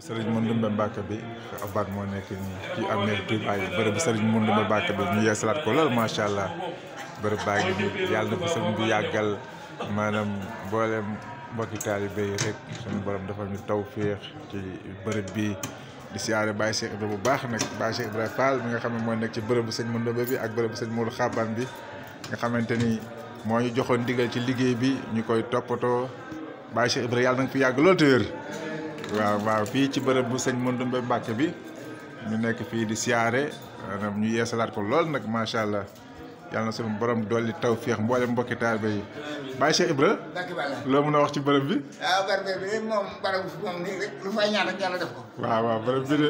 sëriñ Mouroumbe Mbacke bi abat moo nekk nii ci amee Dubaay bërëb sëriñ Mouroumbe Mbacke bi ñu yeesalaat ko lool macha allah bërëb baa ngi nii yàlla na ko sëriñ bi yàggal maanaam mboolem mbokki taalibe rek suñu borom dafa ñu taw ci bërëb bi di siyaare Baye Cheikh Ibrahima bu baax nag Baye Cheikh Ibrahima Fall mi nga xam ne moo nekk ci bërëbu sëñ Mouroumbe bi ak bërëbu sëñ Mourou Xaban bi nga xamante ni moo ñu ci liggéey bi ñu koy Baye Cheikh Ibrahima yàlla na fi yàgg lool te waaw waaw fii ci bërëb bu sëñ Mandoumbe Mbàkke bi ñu nekk fii di siyaare maanaam ñu yeesalaat ko lool nag macha allah yàlla na suñu borom dolli taw féex mboole mbokki taalibe yi Baye Cheikh Ibra loo mën a wax ci bërëb bi. waaw waaw bërëb bi de.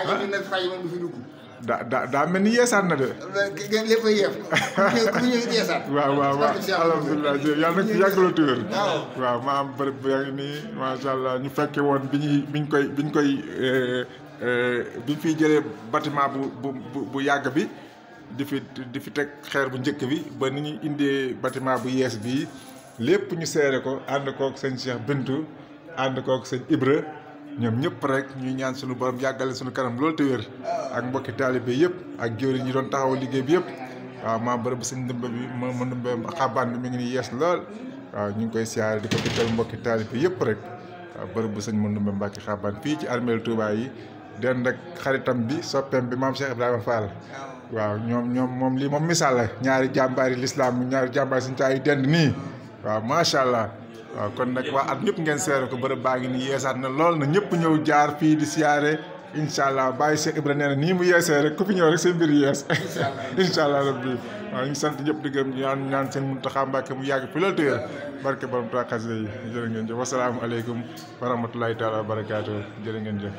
ah waaye nag fay moom du fi dugg. daa da daa mel ni yeesaat na de. lépp a yeef. ku yeesaat. waaw waaw waaw alhamdulilah yàlla na yàgg la tuur. waaw ma bërëb yaa ngi nii macha allah ñu fekkee woon bi ñuy bi ñu koy bi ñu koy eh, eh, bi ñu fiy jëlee bâtiment bu bu bu yàgg bi. di fi di fi teg xeer bu njëkk bi ba ni ñuy indee bâtiment bu yees bii lépp ñu seere ko ànd kook sëñ Cheikh Bintu ànd kook sëñ Ibra. ñom ñep rek ñuy ñaan suñu borom yàggale suñu kanam lool te wër ak mbokki talibé yépp ak jóori ñi doon taxaw liggéey bi yépp wa ah, ma bërb suñu ndëmb bi ma ma ndëmb xabaan bi mi ngi ni yes lool wa ah, ñu ngi koy siyar di ko dëggal mbokki talibé yépp rek waaw ah, bërëb sëñ ma ndëmb mbàkki xabaan fi ci armel Touba yi den rek xaritam bi sopem bi mam Cheikh Ibrahima Fall wa ñom ñom mom li mom misal la ñaari jambaari l'islam ñaari jambaari suñu taay dend wa ma sha allah waaw kon nag waa at ñëpp ngeen seere ko bërëb baa ngi nii yeesaat na lool na ñëpp ñëw jaar fii di siyaare incha allah bàyyi Cheikh Ibra nee nii mu yeesee rek ku fi ñëw rek seen mbir yees incha allah rabbi waaw ñu sant ñëpp di gërëm ñaan ñaan seen Muntaxa Mbàkke mu yàgg fi loolu téwéer barke borom taa xasida yi jërë ngeen jëf wasalaamu aleykum wa rahmatulahi taala wa barakaatu jërë ngeen jëf